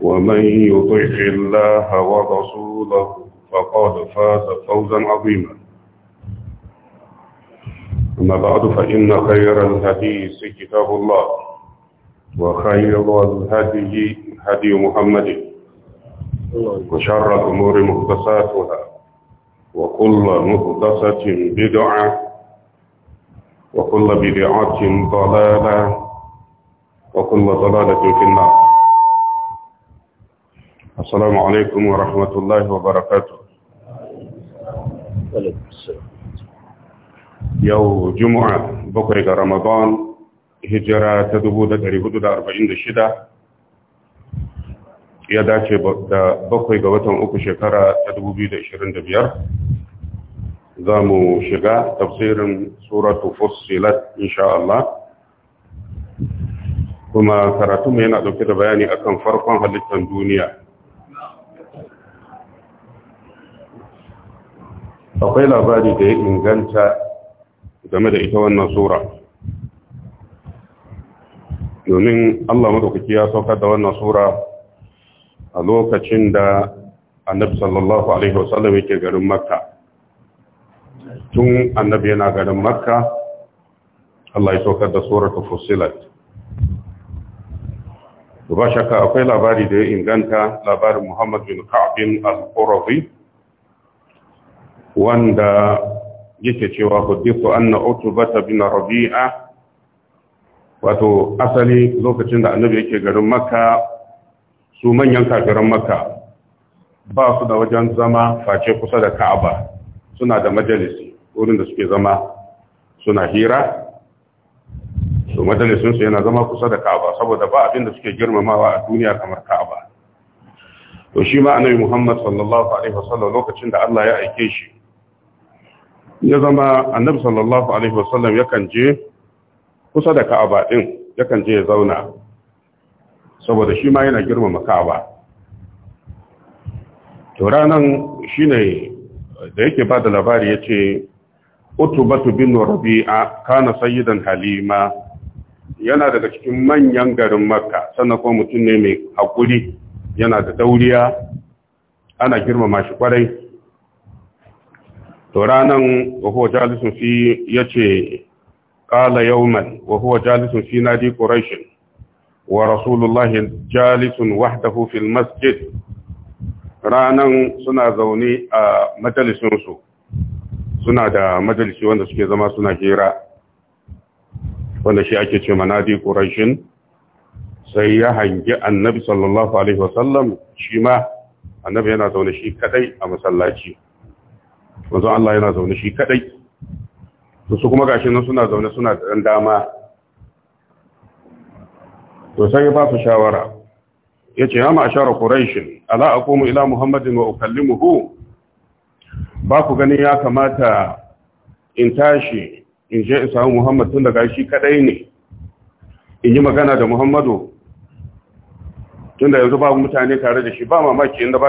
ومن يطع الله ورسوله فقد فاز فوزا عظيما أما بعد فإن خير الحديث كتاب الله وخير الهدي هدي محمد وشر الأمور مقدساتها وكل مقدسه بدعة وكل بدعة ضلالة وكل ضلالة في النار السلام عليكم ورحمة الله وبركاته يو جمعة بكرة رمضان هجرة تدبو دا تريبو دا أربعين دا شدة ya dace da bakwai ga watan uku shekara ta 2025 za mu shiga tafsirin suratu fussilat insha Allah kuma karatunmu yana dauke da bayani akan farkon halittar duniya akwai labari da ya inganta game da ita wannan sura domin Allah madaukaki ya saukar da wannan sura a lokacin da annabi sallallahu alaihi wasallam yake garin makka tun annabi yana garin makka Allah ya saukar da suratul fusilat ba shakka akwai labari da ya inganta labarin Muhammad bin Ka'b al-Qurazi wanda yake cewa hudisu anna utubata bin rabi'a wato asali lokacin da annabi yake garin makka su manyan kafiran makka ba su da wajen zama face kusa da ka'aba suna da majalisi wurin da suke zama suna hira su majalisinsu yana zama kusa da ka'aba saboda ba abin da suke girmamawa a duniya kamar ka'aba to shi ma annabi Muhammad sallallahu alaihi wasallam lokacin da Allah ya aike shi ya zama annabi sallallahu alaihi wasallam yakan je kusa da ka'aba din yakan je ya zauna saboda shi ma yana girmama ka'aba to ranan shine da yake ba da labari yace utubatu bin rabi'a kana sayyidan halima yana daga cikin manyan garin makka sannan kuma mutum ne mai hakuri yana da dauriya ana girmama shi kwarai to ranan wa huwa jalisun fi yace qala yawman wa huwa jalisun fi nadi quraish wa rasulullahi jalisun wahdahu fil masjid ranan suna zaune a majalisin suna da majalisi wanda suke zama suna hira wanda shi ake ce manadi quraish sai ya hangi annabi sallallahu alaihi wasallam shi ma annabi yana zaune shi kadai a masallaci Wanzu Allah yana zaune shi kadai to su kuma gashi nan suna zaune suna da dan dama to sai ya ba su shawara yace ya ma'ashara quraish ala aqumu ila muhammadin wa ukallimuhu ba ku gani ya kamata in tashi in je in samu muhammad tun daga shi kadai ne in yi magana da muhammadu tun da yanzu babu mutane tare da shi ba mamaki inda ba